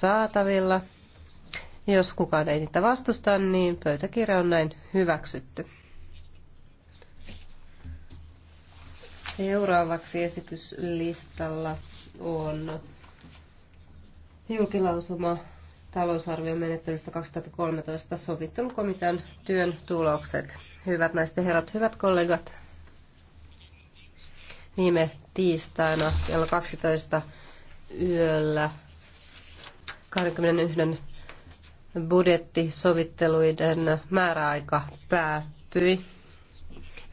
saatavilla. Jos kukaan ei niitä vastusta, niin pöytäkirja on näin hyväksytty. Seuraavaksi esityslistalla on julkilausuma talousarviomenettelystä 2013 sovittelukomitean työn tulokset. Hyvät naiset ja herrat, hyvät kollegat, viime tiistaina kello 12 yöllä 21 budjettisovitteluiden määräaika päättyi.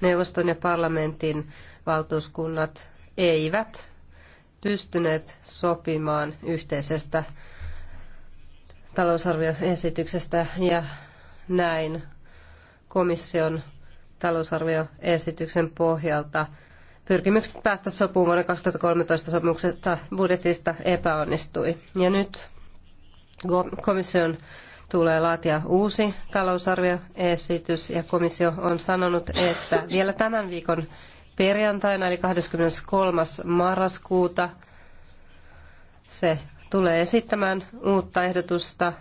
Neuvoston ja parlamentin valtuuskunnat eivät pystyneet sopimaan yhteisestä talousarvioesityksestä ja näin komission talousarvioesityksen pohjalta pyrkimykset päästä sopuun vuonna 2013 sopimuksesta budjetista epäonnistui. Ja nyt Komission tulee laatia uusi talousarvioesitys ja komissio on sanonut, että vielä tämän viikon perjantaina eli 23. marraskuuta se tulee esittämään uutta ehdotusta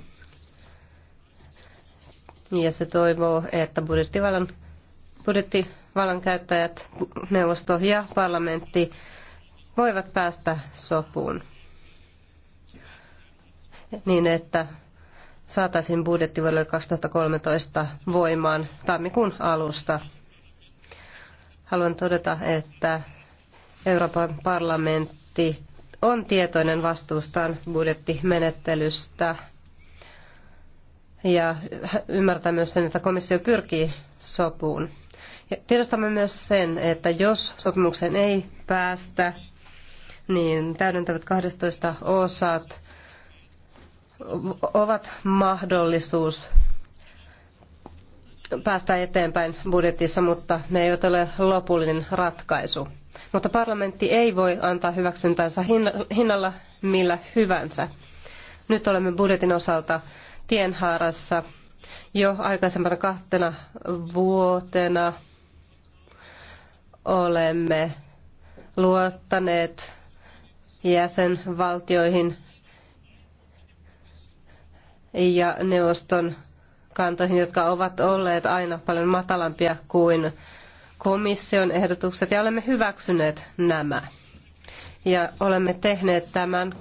ja se toivoo, että budjettivallan, budjettivallan käyttäjät, neuvosto ja parlamentti voivat päästä sopuun niin, että saataisiin budjetti vuodelle 2013 voimaan tammikuun alusta. Haluan todeta, että Euroopan parlamentti on tietoinen vastuustaan budjettimenettelystä ja ymmärtää myös sen, että komissio pyrkii sopuun. Ja tiedostamme myös sen, että jos sopimukseen ei päästä, niin täydentävät 12 osat ovat mahdollisuus päästä eteenpäin budjetissa, mutta ne eivät ole lopullinen ratkaisu. Mutta parlamentti ei voi antaa hyväksyntänsä hinnalla millä hyvänsä. Nyt olemme budjetin osalta tienhaarassa jo aikaisempana kahtena vuotena olemme luottaneet jäsenvaltioihin ja neuvoston kantoihin, jotka ovat olleet aina paljon matalampia kuin komission ehdotukset, ja olemme hyväksyneet nämä. Ja olemme tehneet tämän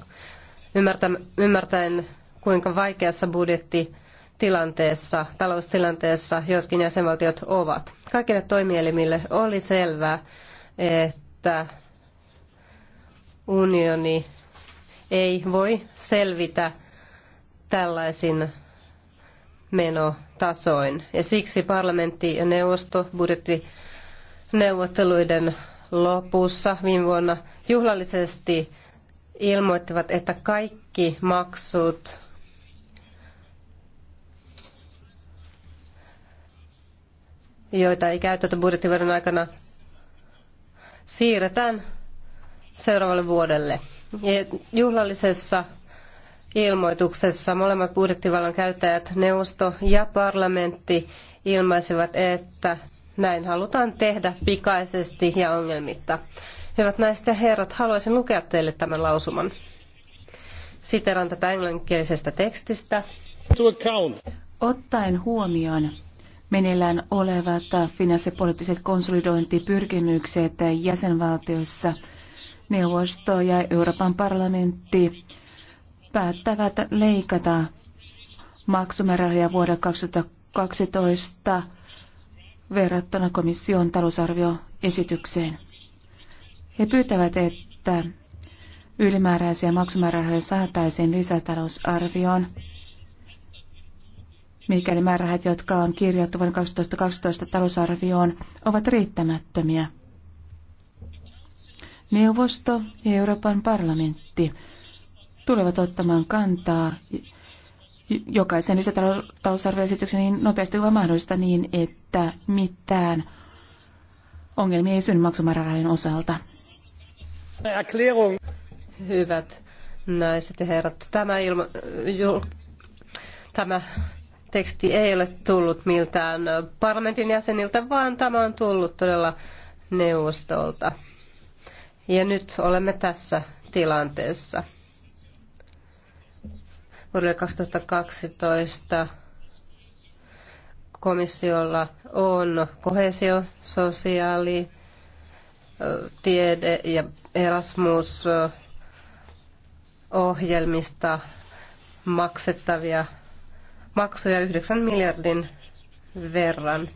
ymmärtäen, kuinka vaikeassa budjettitilanteessa, taloustilanteessa jotkin jäsenvaltiot ovat. Kaikille toimielimille oli selvää, että unioni ei voi selvitä tällaisin menotasoin. Ja siksi parlamentti ja neuvosto budjettineuvotteluiden lopussa viime vuonna juhlallisesti ilmoittivat, että kaikki maksut joita ei käytetä budjettivuoden aikana, siirretään seuraavalle vuodelle. juhlallisessa ilmoituksessa molemmat budjettivallan käyttäjät, neuvosto ja parlamentti, ilmaisivat, että näin halutaan tehdä pikaisesti ja ongelmitta. Hyvät naiset ja herrat, haluaisin lukea teille tämän lausuman. Siteran tätä englanninkielisestä tekstistä. Ottaen huomioon meneillään olevat finanssipoliittiset konsolidointipyrkimykset jäsenvaltioissa, neuvosto ja Euroopan parlamentti päättävät leikata maksumäärärahoja vuodelle 2012 verrattuna komission talousarvioesitykseen. He pyytävät, että ylimääräisiä maksumäärärahoja saataisiin lisätalousarvioon, mikäli määrärahat, jotka on kirjattu vuoden 2012 talousarvioon, ovat riittämättömiä. Neuvosto ja Euroopan parlamentti tulevat ottamaan kantaa jokaisen lisätalousarvioesityksen niin nopeasti kuin mahdollista niin, että mitään ongelmia ei synny maksumäärärahojen osalta. Hyvät naiset ja herrat, tämä, ilma, jul, tämä teksti ei ole tullut miltään parlamentin jäseniltä, vaan tämä on tullut todella neuvostolta. Ja nyt olemme tässä tilanteessa. Vuodelle 2012 komissiolla on kohesio, sosiaali, tiede ja Erasmus ohjelmista maksettavia maksuja 9 miljardin verran.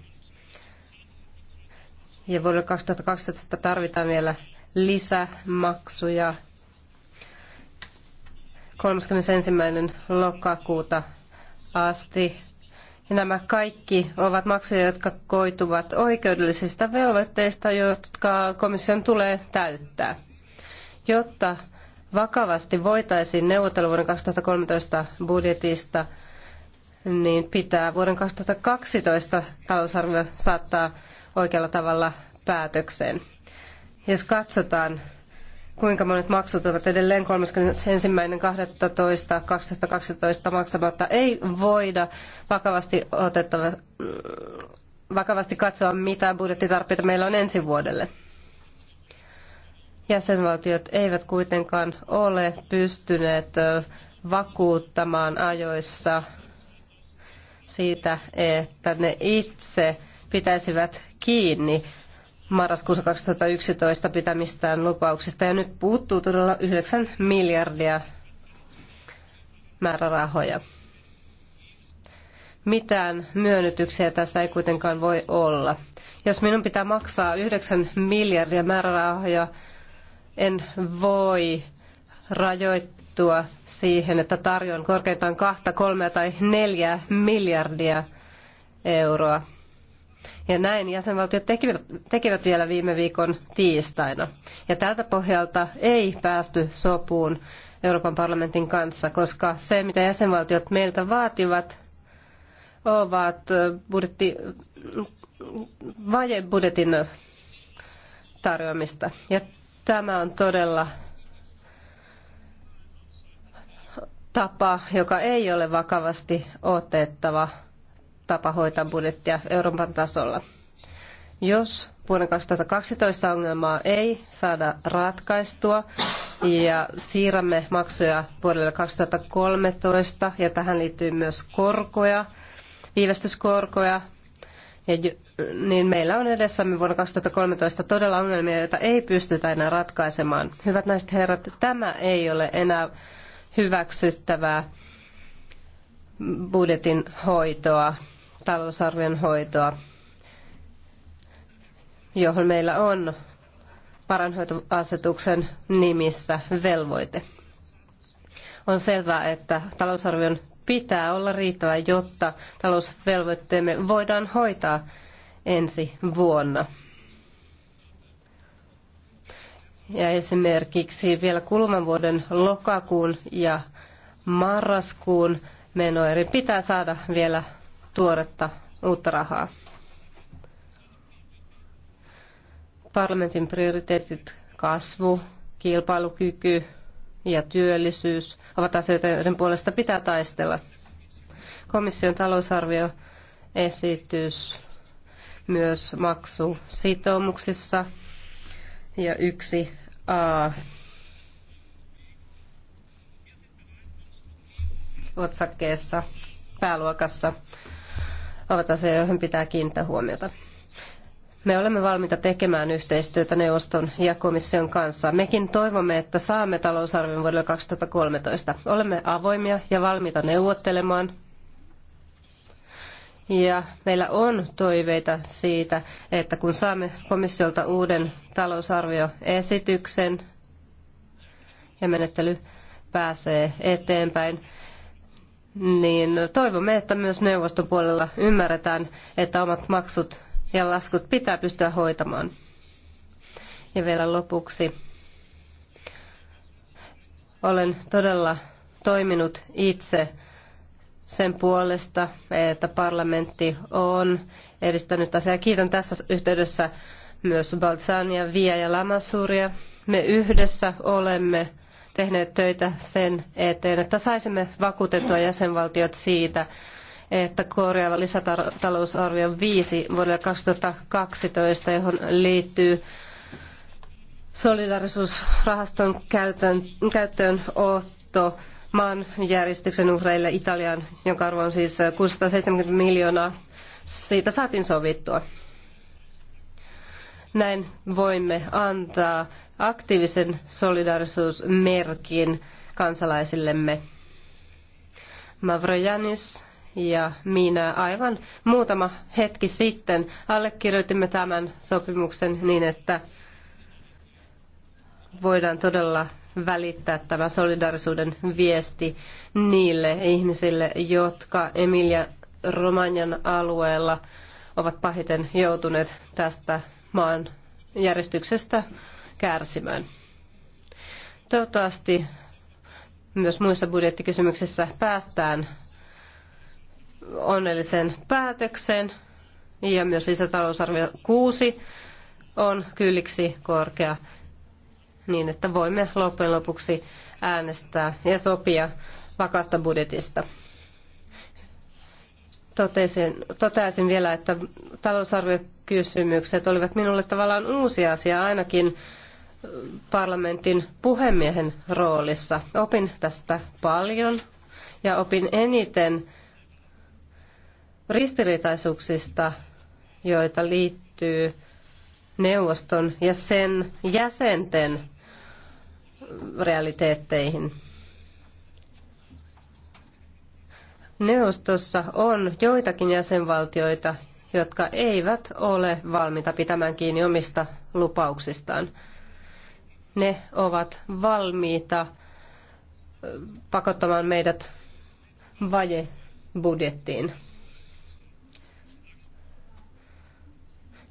Ja vuodelle 2012 tarvitaan vielä lisämaksuja 31. lokakuuta asti. Ja nämä kaikki ovat maksuja, jotka koituvat oikeudellisista velvoitteista, jotka komission tulee täyttää. Jotta vakavasti voitaisiin neuvotella vuoden 2013 budjetista, niin pitää vuoden 2012 talousarvio saattaa oikealla tavalla päätökseen. Jos katsotaan kuinka monet maksut ovat edelleen 31.12.2012 maksamatta, ei voida vakavasti, otettava, mm, vakavasti katsoa, mitä budjettitarpeita meillä on ensi vuodelle. Jäsenvaltiot eivät kuitenkaan ole pystyneet vakuuttamaan ajoissa siitä, että ne itse pitäisivät kiinni marraskuussa 2011 pitämistään lupauksista ja nyt puuttuu todella 9 miljardia määrärahoja. Mitään myönnytyksiä tässä ei kuitenkaan voi olla. Jos minun pitää maksaa 9 miljardia määrärahoja, en voi rajoittua siihen, että tarjoan korkeintaan kahta, kolmea tai neljää miljardia euroa ja näin jäsenvaltiot tekivät, tekivät vielä viime viikon tiistaina. Ja tältä pohjalta ei päästy sopuun Euroopan parlamentin kanssa, koska se, mitä jäsenvaltiot meiltä vaativat, ovat budjetti, vajebudjetin tarjoamista. Ja tämä on todella tapa, joka ei ole vakavasti otettava tapa hoitaa budjettia Euroopan tasolla. Jos vuoden 2012 ongelmaa ei saada ratkaistua ja siirrämme maksuja vuodelle 2013 ja tähän liittyy myös korkoja, viivästyskorkoja, niin meillä on edessämme vuonna 2013 todella ongelmia, joita ei pystytä enää ratkaisemaan. Hyvät naiset herrat, tämä ei ole enää hyväksyttävää budjetin hoitoa talousarvion hoitoa, johon meillä on paranhoitoasetuksen nimissä velvoite. On selvää, että talousarvion pitää olla riittävä, jotta talousvelvoitteemme voidaan hoitaa ensi vuonna. Ja esimerkiksi vielä kuluvan vuoden lokakuun ja marraskuun menoerin pitää saada vielä tuoretta uutta rahaa. Parlamentin prioriteetit kasvu, kilpailukyky ja työllisyys ovat asioita, joiden puolesta pitää taistella. Komission talousarvioesitys myös maksusitoumuksissa ja yksi a otsakkeessa pääluokassa ovat asia, joihin pitää kiinnittää huomiota. Me olemme valmiita tekemään yhteistyötä neuvoston ja komission kanssa. Mekin toivomme, että saamme talousarvion vuodelle 2013. Olemme avoimia ja valmiita neuvottelemaan. Ja meillä on toiveita siitä, että kun saamme komissiolta uuden talousarvioesityksen ja menettely pääsee eteenpäin, niin toivomme, että myös neuvoston puolella ymmärretään, että omat maksut ja laskut pitää pystyä hoitamaan. Ja vielä lopuksi. Olen todella toiminut itse sen puolesta, että parlamentti on edistänyt asiaa. Kiitän tässä yhteydessä myös Balzania, Via ja Lamassuria. Me yhdessä olemme tehneet töitä sen eteen, että saisimme vakuutettua jäsenvaltiot siitä, että korjaava lisätalousarvio 5 vuodelle 2012, johon liittyy solidarisuusrahaston käytön, käyttöönotto maanjäristyksen uhreille Italian jonka arvo on siis 670 miljoonaa. Siitä saatiin sovittua. Näin voimme antaa aktiivisen solidaarisuusmerkin kansalaisillemme. Mavrojanis ja minä aivan muutama hetki sitten allekirjoitimme tämän sopimuksen niin, että voidaan todella välittää tämä solidaarisuuden viesti niille ihmisille, jotka Emilia Romagnan alueella ovat pahiten joutuneet tästä maan järjestyksestä kärsimään. Toivottavasti myös muissa budjettikysymyksissä päästään onnellisen päätöksen ja myös lisätalousarvio 6 on kylliksi korkea niin, että voimme loppujen lopuksi äänestää ja sopia vakaasta budjetista. Totesin, totesin vielä, että talousarviokysymykset olivat minulle tavallaan uusi asia ainakin parlamentin puhemiehen roolissa. Opin tästä paljon ja opin eniten ristiriitaisuuksista, joita liittyy neuvoston ja sen jäsenten realiteetteihin. Neuvostossa on joitakin jäsenvaltioita, jotka eivät ole valmiita pitämään kiinni omista lupauksistaan ne ovat valmiita pakottamaan meidät vaje budjettiin.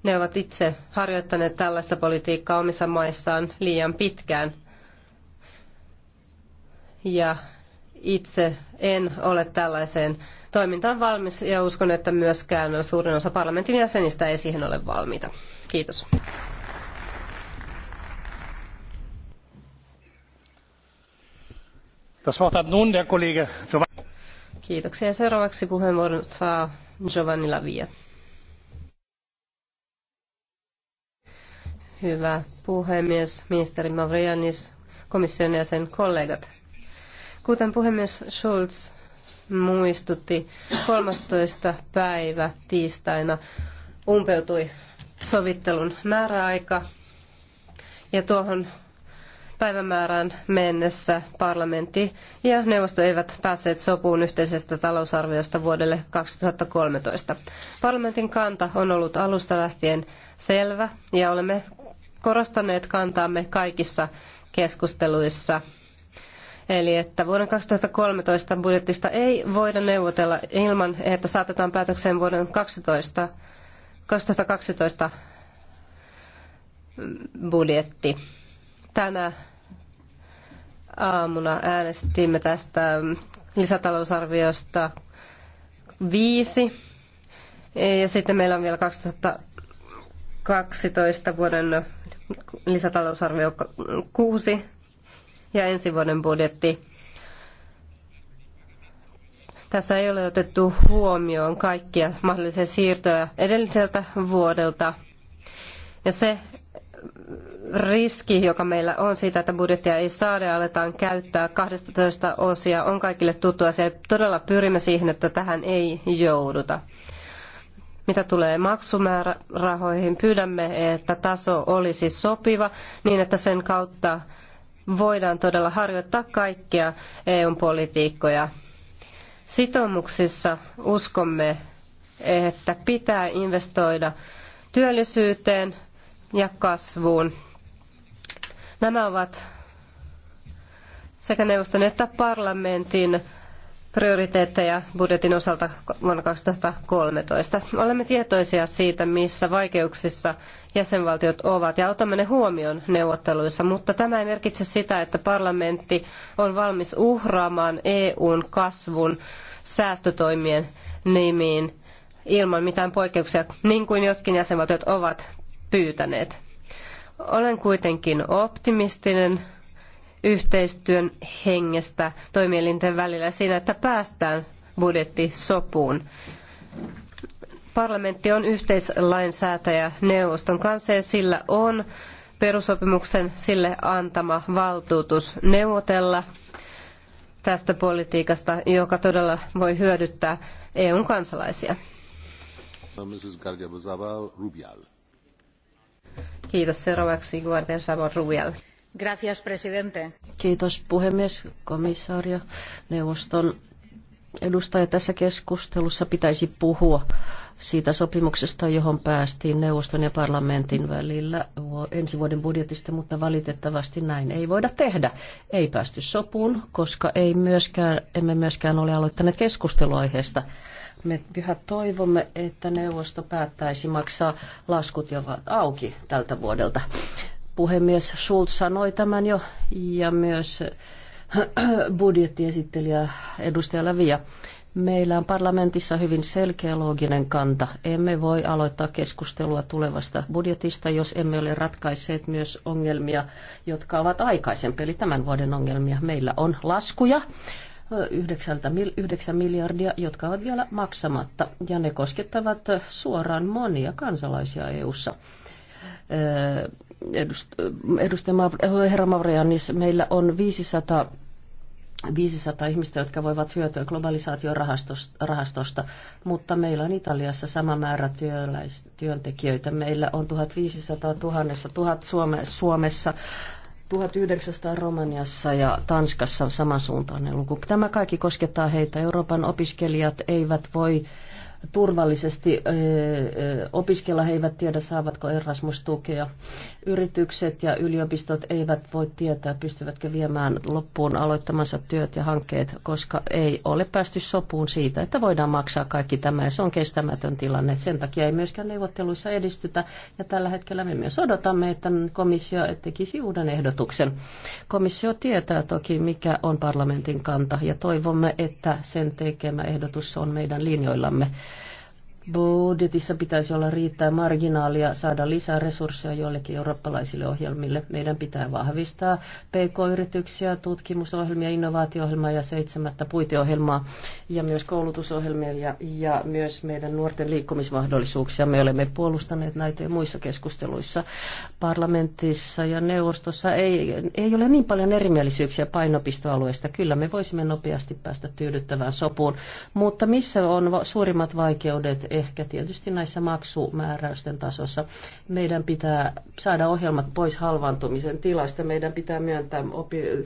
Ne ovat itse harjoittaneet tällaista politiikkaa omissa maissaan liian pitkään. Ja itse en ole tällaiseen toimintaan valmis ja uskon, että myöskään suurin osa parlamentin jäsenistä ei siihen ole valmiita. Kiitos. Kiitoksia. Seuraavaksi puheenvuoron saa Giovanni Lavia. Hyvä puhemies, ministeri Mavrianis, komission jäsen kollegat. Kuten puhemies Schulz muistutti, 13. päivä tiistaina umpeutui sovittelun määräaika ja tuohon päivämäärään mennessä parlamentti ja neuvosto eivät päässeet sopuun yhteisestä talousarviosta vuodelle 2013. Parlamentin kanta on ollut alusta lähtien selvä ja olemme korostaneet kantaamme kaikissa keskusteluissa. Eli että vuoden 2013 budjettista ei voida neuvotella ilman, että saatetaan päätökseen vuoden 12, 2012 budjetti. Tänä aamuna äänestimme tästä lisätalousarviosta viisi. Ja sitten meillä on vielä 2012 vuoden lisätalousarvio kuusi ja ensi vuoden budjetti. Tässä ei ole otettu huomioon kaikkia mahdollisia siirtoja edelliseltä vuodelta. Ja se, riski, joka meillä on siitä, että budjettia ei saada ja aletaan käyttää 12 osia, on kaikille tuttu asia. Todella pyrimme siihen, että tähän ei jouduta. Mitä tulee maksumäärärahoihin, pyydämme, että taso olisi sopiva niin, että sen kautta voidaan todella harjoittaa kaikkia eu politiikkoja. Sitoumuksissa uskomme, että pitää investoida työllisyyteen, ja kasvuun. Nämä ovat sekä neuvoston että parlamentin prioriteetteja budjetin osalta vuonna 2013. Olemme tietoisia siitä, missä vaikeuksissa jäsenvaltiot ovat ja otamme ne huomioon neuvotteluissa, mutta tämä ei merkitse sitä, että parlamentti on valmis uhraamaan EUn kasvun säästötoimien nimiin ilman mitään poikkeuksia, niin kuin jotkin jäsenvaltiot ovat pyytäneet. Olen kuitenkin optimistinen yhteistyön hengestä toimielinten välillä siinä, että päästään budjettisopuun. Parlamentti on yhteislainsäätäjä neuvoston kanssa ja sillä on perusopimuksen sille antama valtuutus neuvotella tästä politiikasta, joka todella voi hyödyttää EUn kansalaisia. Mrs. Kiitos Gracias, presidente. Kiitos puhemies, komissaario, neuvoston edustaja tässä keskustelussa pitäisi puhua siitä sopimuksesta, johon päästiin neuvoston ja parlamentin välillä ensi vuoden budjetista, mutta valitettavasti näin ei voida tehdä. Ei päästy sopuun, koska ei myöskään, emme myöskään ole aloittaneet keskustelua Me yhä toivomme, että neuvosto päättäisi maksaa laskut, jotka ovat auki tältä vuodelta. Puhemies Schulz sanoi tämän jo ja myös budjettiesittelijä edustaja Läviä. Meillä on parlamentissa hyvin selkeä looginen kanta. Emme voi aloittaa keskustelua tulevasta budjetista, jos emme ole ratkaisseet myös ongelmia, jotka ovat aikaisempi, eli tämän vuoden ongelmia. Meillä on laskuja, 9 miljardia, jotka ovat vielä maksamatta, ja ne koskettavat suoraan monia kansalaisia EU:ssa. ssa edustaja eh, herra Mavrejanis, meillä on 500 500 ihmistä, jotka voivat hyötyä globalisaatiorahastosta, mutta meillä on Italiassa sama määrä työläis- työntekijöitä. Meillä on 1500 000, 1000 Suome- Suomessa, 1900 Romaniassa ja Tanskassa samansuuntainen luku. Tämä kaikki koskettaa heitä. Euroopan opiskelijat eivät voi äh, turvallisesti opiskella. He eivät tiedä, saavatko Erasmus-tukea. Yritykset ja yliopistot eivät voi tietää, pystyvätkö viemään loppuun aloittamansa työt ja hankkeet, koska ei ole päästy sopuun siitä, että voidaan maksaa kaikki tämä. Ja se on kestämätön tilanne. Sen takia ei myöskään neuvotteluissa edistytä. Ja tällä hetkellä me myös odotamme, että komissio tekisi uuden ehdotuksen. Komissio tietää toki, mikä on parlamentin kanta, ja toivomme, että sen tekemä ehdotus on meidän linjoillamme budjetissa pitäisi olla riittää marginaalia saada lisää resursseja joillekin eurooppalaisille ohjelmille. Meidän pitää vahvistaa PK-yrityksiä, tutkimusohjelmia, innovaatio-ohjelmaa ja seitsemättä puiteohjelmaa ja myös koulutusohjelmia ja, ja myös meidän nuorten liikkumismahdollisuuksia. Me olemme puolustaneet näitä ja muissa keskusteluissa parlamentissa ja neuvostossa. Ei, ei ole niin paljon erimielisyyksiä painopistoalueista. Kyllä me voisimme nopeasti päästä tyydyttävään sopuun, mutta missä on suurimmat vaikeudet ehkä tietysti näissä maksumääräysten tasossa. Meidän pitää saada ohjelmat pois halvantumisen tilasta. Meidän pitää myöntää opi-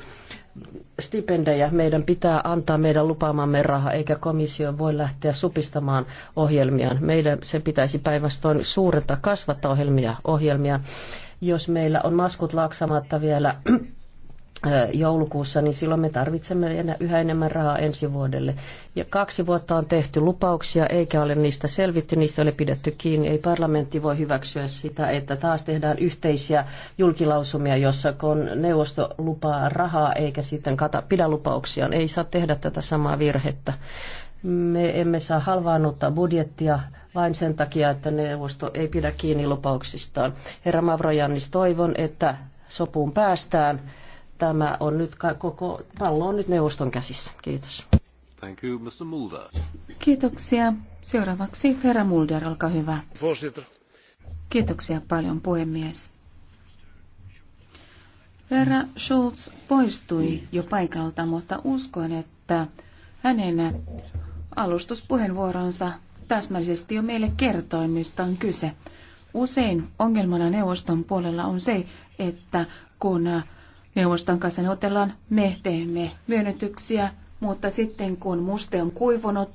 stipendejä. Meidän pitää antaa meidän lupaamamme raha, eikä komissio voi lähteä supistamaan ohjelmiaan. Meidän sen pitäisi päinvastoin suurentaa, kasvattaa ohjelmia, ohjelmia. Jos meillä on maskut laksamatta vielä joulukuussa, niin silloin me tarvitsemme yhä enemmän rahaa ensi vuodelle. Ja kaksi vuotta on tehty lupauksia, eikä ole niistä selvitty, niistä ole pidetty kiinni. Ei parlamentti voi hyväksyä sitä, että taas tehdään yhteisiä julkilausumia, jossa kun neuvosto lupaa rahaa eikä sitten kata, pidä lupauksiaan. Ei saa tehdä tätä samaa virhettä. Me emme saa halvaannuttaa budjettia vain sen takia, että neuvosto ei pidä kiinni lupauksistaan. Herra Mavrojannis, toivon, että sopuun päästään tämä on nyt koko pallo on nyt neuvoston käsissä. Kiitos. Thank you, Mr. Mulder. Kiitoksia. Seuraavaksi herra Mulder, olkaa hyvä. Kiitoksia paljon, puhemies. Herra Schulz poistui jo paikalta, mutta uskon, että hänen alustuspuheenvuoronsa täsmällisesti jo meille kertoi, mistä on kyse. Usein ongelmana neuvoston puolella on se, että kun neuvoston kanssa neuvotellaan, me teemme myönnytyksiä, mutta sitten kun muste on kuivunut,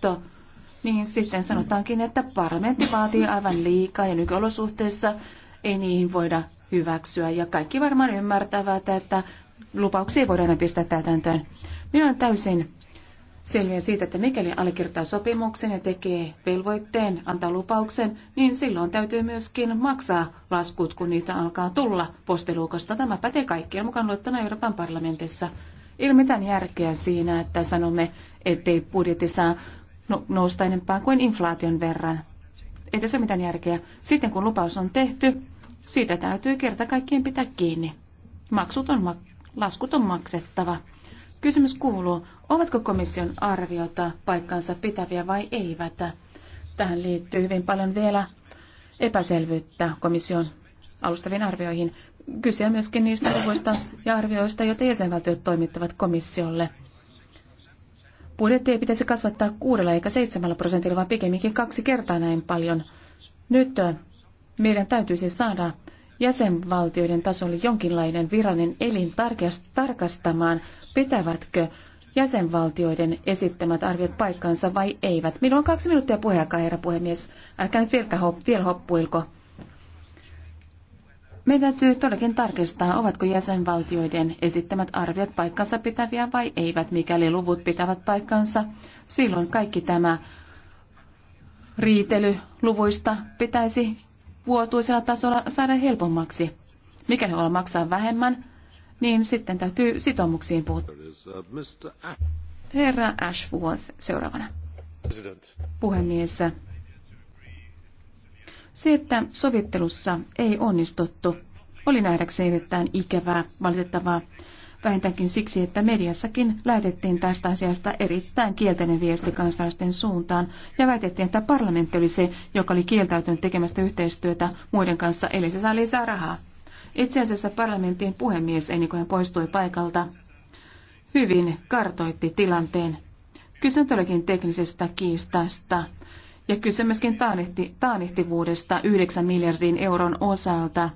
niin sitten sanotaankin, että parlamentti vaatii aivan liikaa ja nykyolosuhteissa ei niihin voida hyväksyä. Ja kaikki varmaan ymmärtävät, että lupauksia ei voida enää pistää täytäntöön. Minä olen täysin selviä siitä, että mikäli allekirjoittaa sopimuksen ja tekee velvoitteen, antaa lupauksen, niin silloin täytyy myöskin maksaa laskut, kun niitä alkaa tulla postiluukosta. Tämä pätee kaikkien mukaan luettuna Euroopan parlamentissa. Ei ole mitään järkeä siinä, että sanomme, ettei budjetti saa no, nousta enempää kuin inflaation verran. Ei tässä ole mitään järkeä. Sitten kun lupaus on tehty, siitä täytyy kerta kaikkien pitää kiinni. Maksut on, laskut on maksettava. Kysymys kuuluu, ovatko komission arviota paikkansa pitäviä vai eivät? Tähän liittyy hyvin paljon vielä epäselvyyttä komission alustaviin arvioihin. Kyse on myöskin niistä luvuista ja arvioista, joita jäsenvaltiot toimittavat komissiolle. Budjetti ei pitäisi kasvattaa kuudella eikä seitsemällä prosentilla, vaan pikemminkin kaksi kertaa näin paljon. Nyt eh, meidän täytyisi saada jäsenvaltioiden tasolle jonkinlainen virallinen elin tarkastamaan, pitävätkö jäsenvaltioiden esittämät arviot paikkansa vai eivät. Minulla on kaksi minuuttia puheenaikaa, herra puhemies. Älkää nyt vielä, hop, vielä hoppuilko. Meidän täytyy todellakin tarkistaa, ovatko jäsenvaltioiden esittämät arviot paikkansa pitäviä vai eivät. Mikäli luvut pitävät paikkansa, silloin kaikki tämä riitely luvuista pitäisi vuotuisella tasolla saada helpommaksi. Mikäli haluaa maksaa vähemmän, niin sitten täytyy sitoumuksiin puuttua. Uh, Herra Ashworth seuraavana. Puhemies, se, että sovittelussa ei onnistuttu, oli nähdäkseni erittäin ikävää, valitettavaa vähintäänkin siksi, että mediassakin lähetettiin tästä asiasta erittäin kielteinen viesti kansalaisten suuntaan ja väitettiin, että parlamentti oli se, joka oli kieltäytynyt tekemästä yhteistyötä muiden kanssa, eli se saa lisää rahaa. Itse asiassa parlamentin puhemies, ennen kuin hän poistui paikalta, hyvin kartoitti tilanteen. Kysyn on teknisestä kiistasta ja kyse myöskin taanehti, taanehtivuudesta 9 miljardin euron osalta –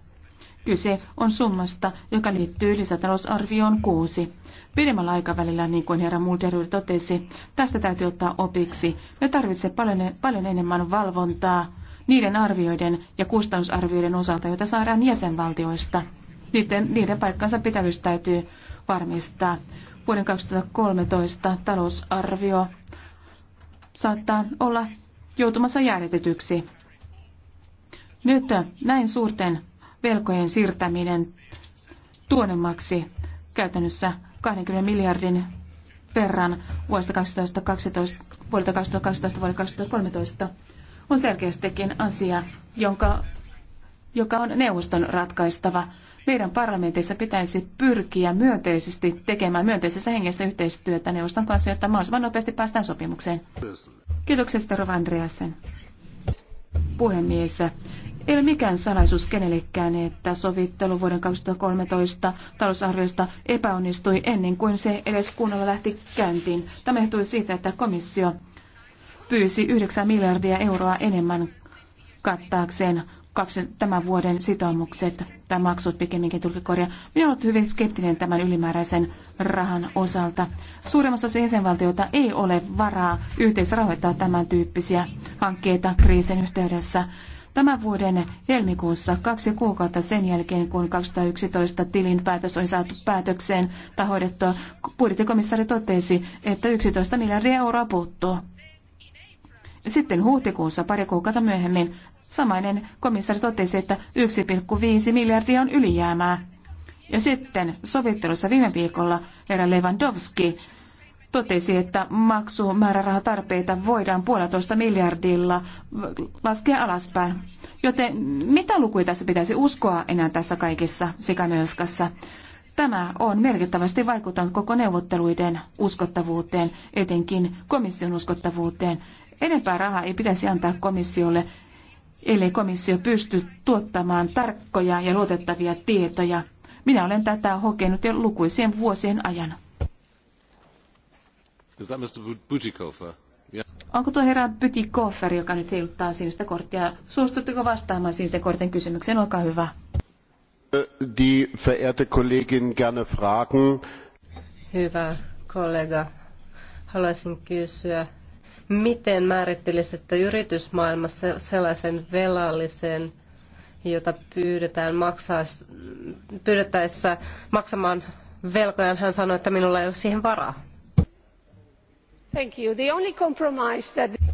Kyse on summasta, joka liittyy lisätalousarvioon 6. Pidemmällä aikavälillä, niin kuin herra Mulder totesi, tästä täytyy ottaa opiksi. Me tarvitsemme paljon, paljon enemmän valvontaa niiden arvioiden ja kustannusarvioiden osalta, joita saadaan jäsenvaltioista. Niiden, niiden paikkansa pitävyys täytyy varmistaa. Vuoden 2013 talousarvio saattaa olla joutumassa jäädetetyksi. Nyt näin suurten velkojen siirtäminen tuonemmaksi käytännössä 20 miljardin verran vuodesta 2012, vuodelta 2012 vuodelta 2013 on selkeästikin asia, jonka, joka on neuvoston ratkaistava. Meidän parlamentissa pitäisi pyrkiä myönteisesti tekemään myönteisessä hengessä yhteistyötä neuvoston kanssa, jotta mahdollisimman nopeasti päästään sopimukseen. Kiitoksia, Sterova Andreasen puhemies. Ei ole mikään salaisuus kenellekään, että sovittelu vuoden 2013 talousarviosta epäonnistui ennen kuin se edes kunnolla lähti käyntiin. Tämä johtui siitä, että komissio pyysi 9 miljardia euroa enemmän kattaakseen kaksi, tämän vuoden sitoumukset tai maksut pikemminkin tulkikorja. Minä olen hyvin skeptinen tämän ylimääräisen rahan osalta. Suurimmassa osassa jäsenvaltioita ei ole varaa yhteisrahoittaa tämän tyyppisiä hankkeita kriisin yhteydessä. Tämän vuoden helmikuussa kaksi kuukautta sen jälkeen, kun 2011 tilin päätös oli saatu päätökseen tahoidettua, hoidettua, budjettikomissaari totesi, että 11 miljardia euroa puuttuu. Sitten huhtikuussa pari kuukautta myöhemmin samainen komissaari totesi, että 1,5 miljardia on ylijäämää. Ja sitten sovittelussa viime viikolla herra Lewandowski totesi, että maksumäärärahatarpeita voidaan puolitoista miljardilla laskea alaspäin. Joten mitä lukuja tässä pitäisi uskoa enää tässä kaikessa sikanelskassa? Tämä on merkittävästi vaikuttanut koko neuvotteluiden uskottavuuteen, etenkin komission uskottavuuteen. Enempää rahaa ei pitäisi antaa komissiolle, ellei komissio pysty tuottamaan tarkkoja ja luotettavia tietoja. Minä olen tätä hokenut jo lukuisien vuosien ajan. Is that Mr. Butikofer? Yeah. Onko tuo herra Butikofer, joka nyt heiluttaa sinistä korttia? Suostutteko vastaamaan sinistä kortin kysymykseen? Olkaa hyvä. Die verehrte Kollegin gerne fragen. Hyvä kollega, haluaisin kysyä, miten määrittelisitte yritysmaailmassa sellaisen velallisen, jota pyydetään maksaa, pyydettäessä maksamaan velkojan, hän sanoi, että minulla ei ole siihen varaa.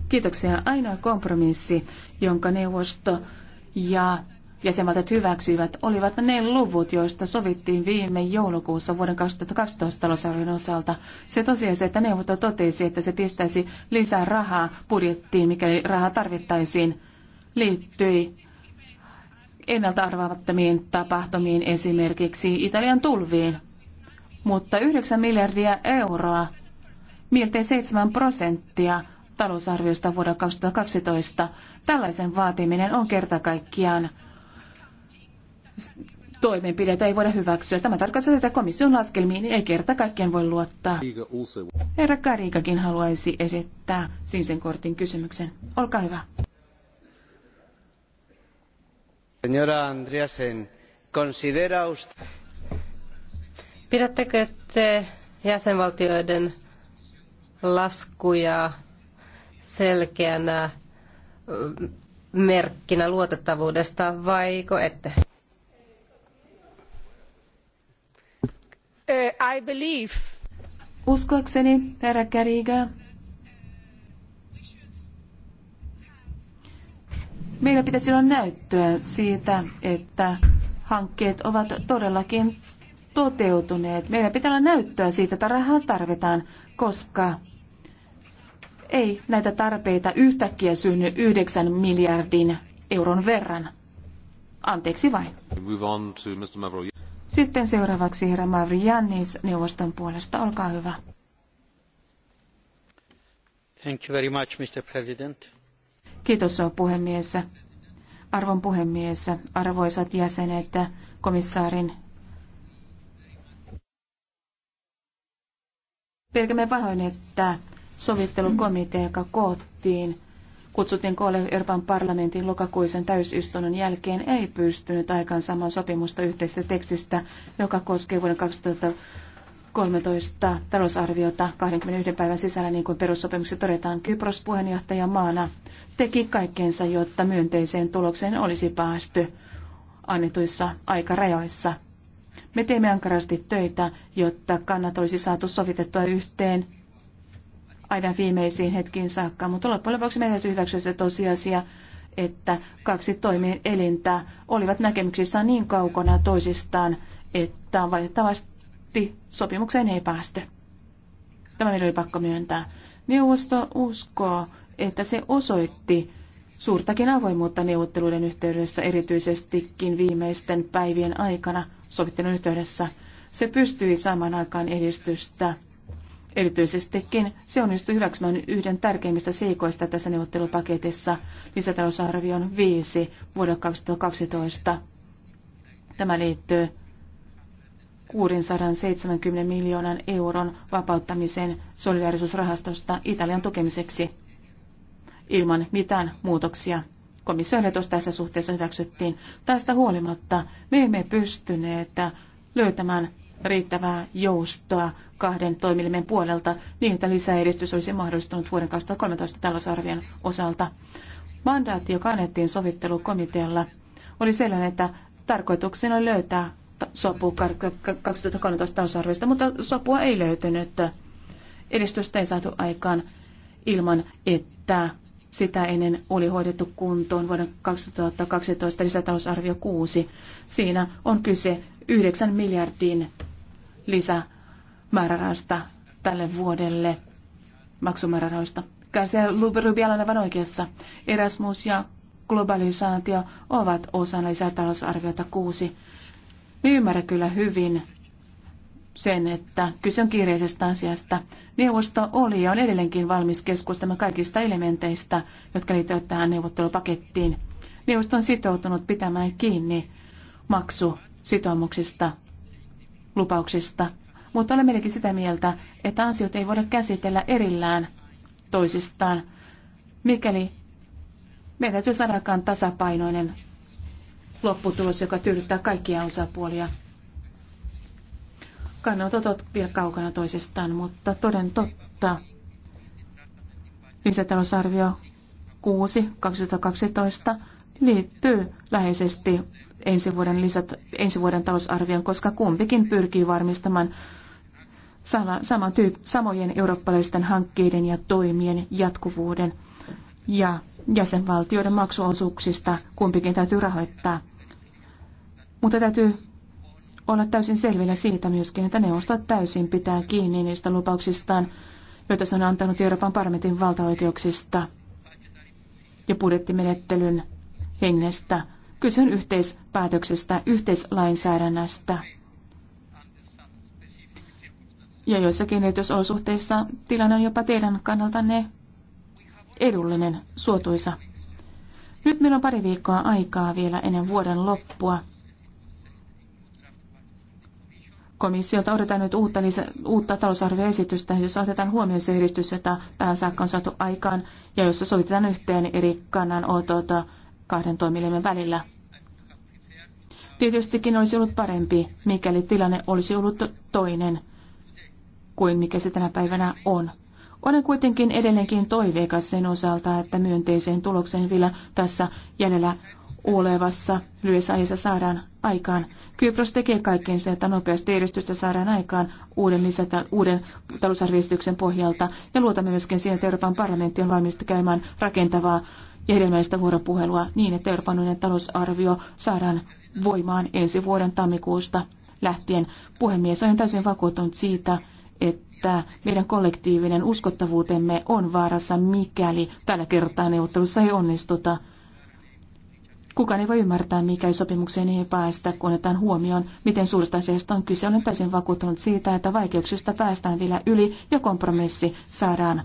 Kiitoksia. Ainoa kompromissi, jonka neuvosto ja jäsenvaltiot hyväksyivät, olivat ne luvut, joista sovittiin viime joulukuussa vuoden 2012 talousarvion osalta. Se tosiasia, että neuvosto totesi, että se pistäisi lisää rahaa budjettiin, mikäli rahaa tarvittaisiin, liittyi ennalta arvaamattomiin tapahtumiin, esimerkiksi Italian tulviin. Mutta 9 miljardia euroa miltei 7 prosenttia talousarviosta vuodelta 2012. Tällaisen vaatiminen on kerta kaikkiaan toimenpideitä ei voida hyväksyä. Tämä tarkoittaa, että komission laskelmiin ei kerta kaikkien voi luottaa. Herra Karikakin haluaisi esittää sinisen kortin kysymyksen. Olkaa hyvä. Señora Andreasen, considera usted... Pidättekö te jäsenvaltioiden laskuja selkeänä merkkinä luotettavuudesta, vaiko ette? I believe. Uskoakseni, herra Kariga, meillä pitäisi olla näyttöä siitä, että hankkeet ovat todellakin toteutuneet. Meillä pitää olla näyttöä siitä, että rahaa tarvitaan, koska ei näitä tarpeita yhtäkkiä synny 9 miljardin euron verran. Anteeksi vain. Sitten seuraavaksi herra Mavriannis neuvoston puolesta. Olkaa hyvä. Thank you very much, Mr. President. Kiitos puhemies. Arvon puhemies, arvoisat jäsenet, komissaarin Pelkämme pahoin, että sovittelukomitea, joka koottiin, kutsuttiin koolle Euroopan parlamentin lokakuisen täysistunnon jälkeen, ei pystynyt aikaan saamaan sopimusta yhteisestä tekstistä, joka koskee vuoden 2013 talousarviota 21 päivän sisällä, niin kuin perussopimuksessa todetaan, Kypros puheenjohtaja maana teki kaikkensa, jotta myönteiseen tulokseen olisi päästy annetuissa aikarajoissa. Me teemme ankarasti töitä, jotta kannat olisi saatu sovitettua yhteen aina viimeisiin hetkiin saakka, mutta loppujen lopuksi meidän täytyy hyväksyä se tosiasia, että kaksi toimien elintä olivat näkemyksissään niin kaukana toisistaan, että valitettavasti sopimukseen ei päästy. Tämä meidän oli pakko myöntää. Neuvosto uskoo, että se osoitti suurtakin avoimuutta neuvotteluiden yhteydessä, erityisestikin viimeisten päivien aikana sovittelun yhteydessä. Se pystyi saamaan aikaan edistystä Erityisestikin se onnistui hyväksymään yhden tärkeimmistä seikoista tässä neuvottelupaketissa lisätalousarvion 5 vuodelle 2012. Tämä liittyy 670 miljoonan euron vapauttamiseen solidaarisuusrahastosta Italian tukemiseksi ilman mitään muutoksia. Komission ehdotus tässä suhteessa hyväksyttiin. Tästä huolimatta me emme pystyneet löytämään riittävää joustoa kahden toimielimen puolelta niin, että lisäedistys olisi mahdollistunut vuoden 2013 talousarvion osalta. Mandaatti, joka annettiin sovittelukomitealla, oli sellainen, että tarkoituksena oli löytää sopu 2013 talousarviosta, mutta sopua ei löytynyt. Edistystä ei saatu aikaan ilman, että sitä ennen oli hoidettu kuntoon vuoden 2012 lisätalousarvio 6. Siinä on kyse 9 miljardin lisämäärärahasta tälle vuodelle maksumäärärahoista. Kärsiä Rubialan aivan oikeassa. Erasmus ja globalisaatio ovat osana lisätalousarviota kuusi. Me ymmärrän kyllä hyvin sen, että kyse on kiireisestä asiasta. Neuvosto oli ja on edelleenkin valmis keskustelemaan kaikista elementeistä, jotka liittyvät tähän neuvottelupakettiin. Neuvosto on sitoutunut pitämään kiinni maksusitoumuksista lupauksista, mutta olemme menekin sitä mieltä, että ansiot ei voida käsitellä erillään toisistaan, mikäli meidän täytyy saada tasapainoinen lopputulos, joka tyydyttää kaikkia osapuolia. Kannanotot ovat vielä kaukana toisistaan, mutta toden totta. Lisätalousarvio 6 2012 liittyy läheisesti ensi vuoden, lisät, ensi vuoden talousarvion, koska kumpikin pyrkii varmistamaan sama, sama tyy, samojen eurooppalaisten hankkeiden ja toimien jatkuvuuden. Ja jäsenvaltioiden maksuosuuksista kumpikin täytyy rahoittaa. Mutta täytyy olla täysin selvillä siitä myöskin, että neuvosto täysin pitää kiinni niistä lupauksistaan, joita se on antanut Euroopan parlamentin valtaoikeuksista ja budjettimenettelyn hengestä. Kyse on yhteispäätöksestä, yhteislainsäädännöstä. Ja joissakin erityisolosuhteissa tilanne on jopa teidän kannaltanne edullinen, suotuisa. Nyt meillä on pari viikkoa aikaa vielä ennen vuoden loppua. Komissiolta odotetaan nyt uutta, lisä, uutta talousarvioesitystä, jossa otetaan huomioon se edistys, jota tähän saakka on saatu aikaan ja jossa sovitetaan yhteen eri kannan kahden toimielimen välillä. Tietystikin olisi ollut parempi, mikäli tilanne olisi ollut toinen kuin mikä se tänä päivänä on. Olen kuitenkin edelleenkin toiveikas sen osalta, että myönteiseen tulokseen vielä tässä jäljellä olevassa lyhyessä ajassa saadaan aikaan. Kypros tekee kaikkeen sen, että nopeasti edistystä saadaan aikaan uuden, lisätä, uuden talousarvioesityksen pohjalta ja luotamme myöskin siihen, että Euroopan parlamentti on valmis käymään rakentavaa ja hedelmällistä vuoropuhelua niin, että Euroopan talousarvio saadaan voimaan ensi vuoden tammikuusta lähtien. Puhemies, olen täysin vakuuttunut siitä, että meidän kollektiivinen uskottavuutemme on vaarassa, mikäli tällä kertaa neuvottelussa ei onnistuta. Kukaan ei voi ymmärtää, mikäli sopimukseen ei päästä, kun otetaan huomioon, miten suurta asiasta on kyse. Olen täysin vakuuttunut siitä, että vaikeuksista päästään vielä yli ja kompromissi saadaan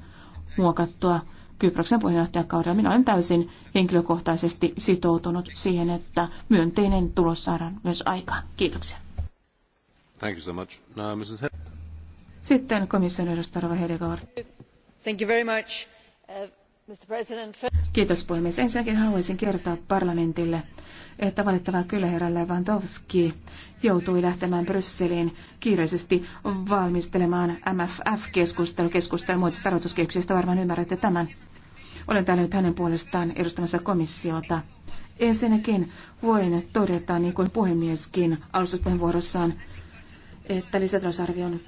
muokattua. Kyproksen puheenjohtajakaudella. Minä olen täysin henkilökohtaisesti sitoutunut siihen, että myönteinen tulos saadaan myös aikaan. Kiitoksia. Thank you so much. Now, Mrs. He- Sitten komission edustaja Hedegaard. Thank you very much, uh, Mr. President. Kiitos puhemies. Ensinnäkin haluaisin kertoa parlamentille, että valittava kyllä herra Lewandowski joutui lähtemään Brysseliin kiireisesti valmistelemaan MFF-keskustelukeskustelua muotoista Varmaan ymmärrätte tämän. Olen täällä nyt hänen puolestaan edustamassa komissiota. Ensinnäkin voin todeta, niin kuin puhemieskin alustuspuheenvuorossaan, että lisätalousarvion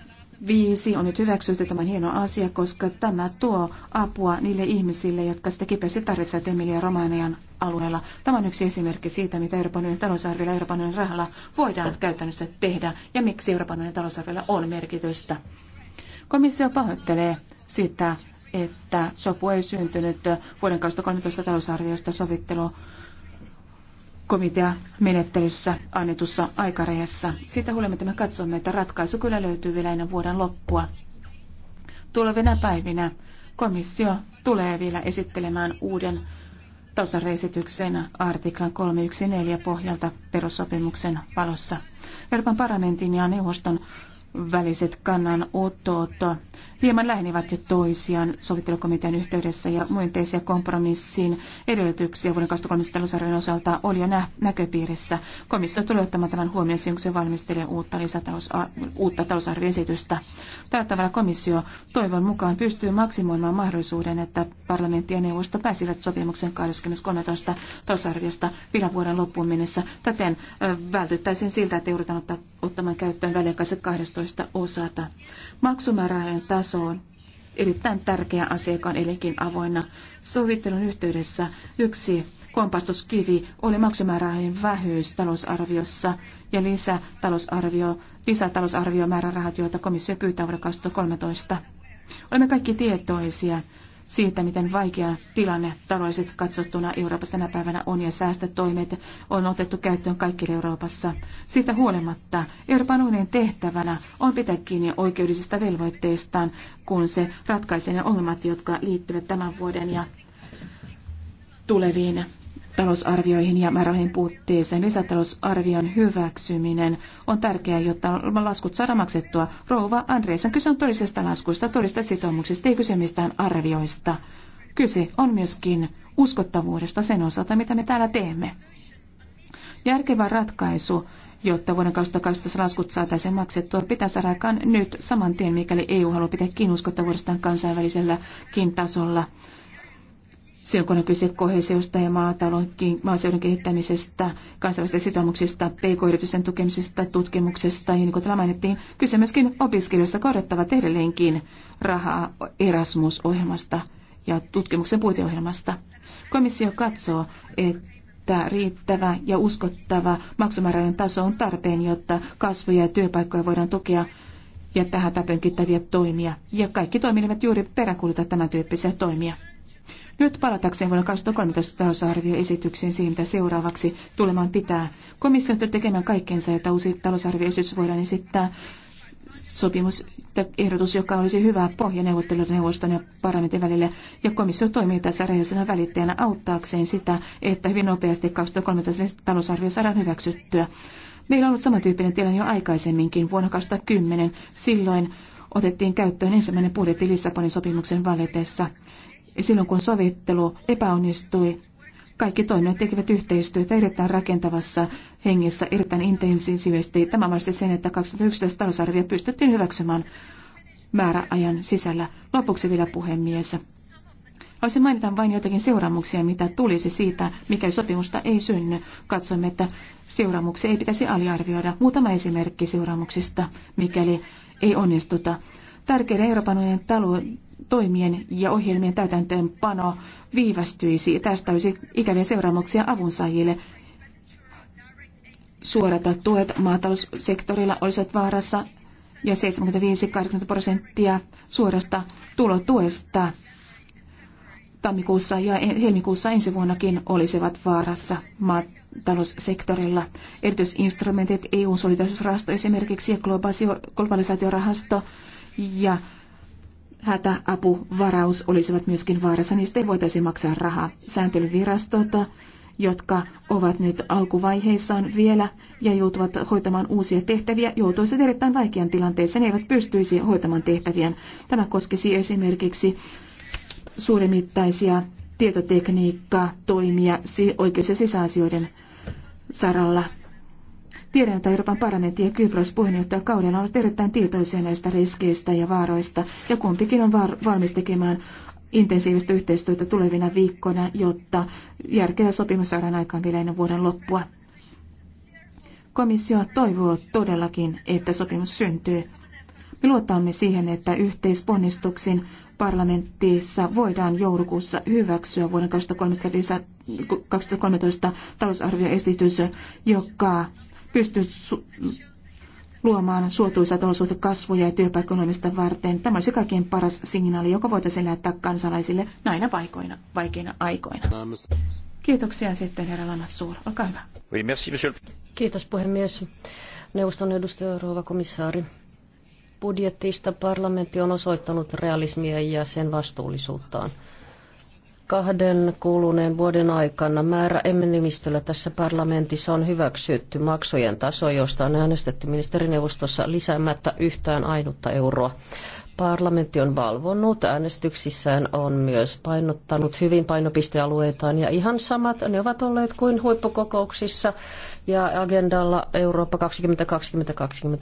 viisi on nyt hyväksytty tämän hieno asia, koska tämä tuo apua niille ihmisille, jotka sitä kipeästi tarvitsevat Emilia Romanian alueella. Tämä on yksi esimerkki siitä, mitä Euroopan unionin talousarviolla Euroopan unionin rahalla voidaan käytännössä tehdä ja miksi Euroopan unionin talousarviolla on merkitystä. Komissio pahoittelee sitä, että sopu ei syntynyt vuoden 2013 talousarviosta sovittelu komitea menettelyssä annetussa aikarajassa. Siitä huolimatta me katsomme, että ratkaisu kyllä löytyy vielä ennen vuoden loppua. Tulevina päivinä komissio tulee vielä esittelemään uuden talousarvioesityksen artiklan 314 pohjalta perussopimuksen valossa. Euroopan parlamentin ja neuvoston väliset kannanotot hieman lähenivät jo toisiaan sovittelukomitean yhteydessä ja myönteisiä kompromissin edellytyksiä vuoden 2013 talousarvion osalta oli jo nä- näköpiirissä. Komissio tulee ottamaan tämän huomioon, kun se valmistelee uutta, lisätalous- uutta talousarvioesitystä. Tällä tavalla komissio toivon mukaan pystyy maksimoimaan mahdollisuuden, että parlamentti ja neuvosto pääsivät sopimuksen 2013 talousarviosta vielä vuoden loppuun mennessä. Täten ö, vältyttäisiin siltä, että joudutaan ottamaan käyttöön väliaikaiset 12 osata. Maksumäärä tasoon. Erittäin tärkeä asia, joka on edelleenkin avoinna. Sovittelun yhteydessä yksi kompastuskivi oli maksimäärärahojen vähyys talousarviossa ja lisätalousarvio, lisätalousarviomäärärahat, joita komissio pyytää vuonna 2013. Olemme kaikki tietoisia siitä, miten vaikea tilanne taloudellisesti katsottuna Euroopassa tänä päivänä on ja säästötoimet on otettu käyttöön kaikille Euroopassa. Siitä huolimatta Euroopan unionin tehtävänä on pitää kiinni oikeudellisista velvoitteistaan, kun se ratkaisee ne ongelmat, jotka liittyvät tämän vuoden ja tuleviin talousarvioihin ja määrärahojen puutteeseen. Lisätalousarvion hyväksyminen on tärkeää, jotta laskut saadaan maksettua. Rouva Andreesan kyse on todellisesta laskusta, todellisesta sitoumuksista, ei kyse mistään arvioista. Kyse on myöskin uskottavuudesta sen osalta, mitä me täällä teemme. Järkevä ratkaisu, jotta vuoden 2012 laskut saataisiin maksettua, pitää saada aikaan nyt saman tien, mikäli EU haluaa pitää kiinni uskottavuudestaan kansainväliselläkin tasolla silloin kun on kyse kohesiosta ja maaseudun kehittämisestä, kansainvälisistä sitoumuksista, pk-yritysten tukemisesta, tutkimuksesta ja niin kuin täällä mainittiin, kyse myöskin opiskelijoista korjattavat edelleenkin rahaa Erasmus-ohjelmasta ja tutkimuksen puiteohjelmasta. Komissio katsoo, että riittävä ja uskottava maksumääräinen taso on tarpeen, jotta kasvuja ja työpaikkoja voidaan tukea ja tähän pönkittäviä toimia. Ja kaikki toimivat juuri peräänkuuluta tämän tyyppisiä toimia. Nyt palatakseen vuonna 2013 talousarvioesitykseen siihen, mitä seuraavaksi tulemaan pitää. Komissio on tekemään kaikkensa, että uusi talousarvioesitys voidaan esittää sopimus ehdotus, joka olisi hyvä pohja neuvotteluiden neuvoston ja parlamentin välillä. Ja komissio toimii tässä rehellisenä välittäjänä auttaakseen sitä, että hyvin nopeasti 2013 talousarvio saadaan hyväksyttyä. Meillä on ollut samantyyppinen tilanne jo aikaisemminkin vuonna 2010. Silloin otettiin käyttöön ensimmäinen budjetti Lissabonin sopimuksen valitessa silloin kun sovittelu epäonnistui, kaikki toimijat tekivät yhteistyötä erittäin rakentavassa hengessä, erittäin intensiivisesti. Tämä mahdollisti sen, että 2011 talousarvio pystyttiin hyväksymään määräajan sisällä. Lopuksi vielä puhemies. Haluaisin mainita vain jotakin seuraamuksia, mitä tulisi siitä, mikäli sopimusta ei synny. Katsoimme, että seuraamuksia ei pitäisi aliarvioida. Muutama esimerkki seuraamuksista, mikäli ei onnistuta. Tärkeiden Euroopan unionin toimien ja ohjelmien täytäntöönpano viivästyisi. Tästä olisi ikäviä seuraamuksia avunsaajille. Suorat tuet maataloussektorilla olisivat vaarassa ja 75-80 prosenttia suorasta tulotuesta tammikuussa ja helmikuussa ensi vuonnakin olisivat vaarassa maataloussektorilla. Erityisinstrumentit EUn solidarisuusrahasto esimerkiksi ja globalisaatiorahasto ja varaus olisivat myöskin vaarassa, niistä ei voitaisi maksaa rahaa. Sääntelyvirastota, jotka ovat nyt alkuvaiheissaan vielä ja joutuvat hoitamaan uusia tehtäviä, joutuisivat erittäin vaikean tilanteeseen, eivät pystyisi hoitamaan tehtäviä. Tämä koskisi esimerkiksi suurimittaisia tietotekniikkaa toimia oikeus- ja sisäasioiden saralla. Tiedän, että Euroopan parlamentti ja Kypros kaudella on erittäin tietoisia näistä riskeistä ja vaaroista, ja kumpikin on var- valmis tekemään intensiivistä yhteistyötä tulevina viikkoina, jotta järkevä sopimus saadaan aikaan vielä ennen vuoden loppua. Komissio toivoo todellakin, että sopimus syntyy. Me luotamme siihen, että yhteisponnistuksin parlamenttiissa voidaan joulukuussa hyväksyä vuoden 2013 talousarvioesitys, joka pysty su- luomaan suotuisat olosuhteet kasvuja ja työpaikkoja varten. Tämä olisi kaikkein paras signaali, joka voitaisiin lähettää kansalaisille näinä vaikoina, vaikeina aikoina. Kiitoksia sitten herra Suur. Olkaa hyvä. Kiitos puhemies. Neuvoston edustaja Rouva komissaari budjettista parlamentti on osoittanut realismia ja sen vastuullisuuttaan kahden kuluneen vuoden aikana määrä enemmistöllä tässä parlamentissa on hyväksytty maksujen taso, josta on äänestetty ministerineuvostossa lisäämättä yhtään ainutta euroa. Parlamentti on valvonnut, äänestyksissään on myös painottanut hyvin painopistealueitaan ja ihan samat ne ovat olleet kuin huippukokouksissa ja agendalla Eurooppa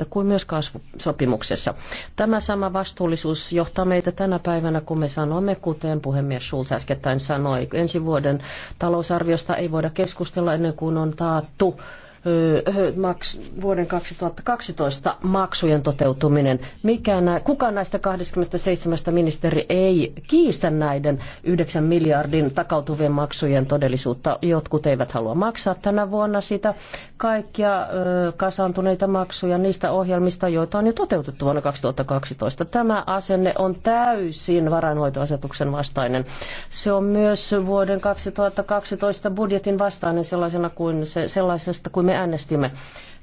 2020-2020 kuin myös kasvusopimuksessa. Tämä sama vastuullisuus johtaa meitä tänä päivänä, kun me sanomme, kuten puhemies Schulz äskettäin sanoi, ensi vuoden talousarviosta ei voida keskustella ennen kuin on taattu vuoden 2012 maksujen toteutuminen. Mikään nä, kukaan näistä 27 ministeri ei kiistä näiden 9 miljardin takautuvien maksujen todellisuutta. Jotkut eivät halua maksaa tänä vuonna sitä kaikkia ö, kasaantuneita maksuja niistä ohjelmista, joita on jo toteutettu vuonna 2012. Tämä asenne on täysin varainhoitoasetuksen vastainen. Se on myös vuoden 2012 budjetin vastainen sellaisena kuin se, sellaisesta kuin me äänestimme.